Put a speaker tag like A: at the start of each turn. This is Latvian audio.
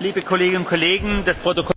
A: liebe kolleginnen und kollegen das protokoll.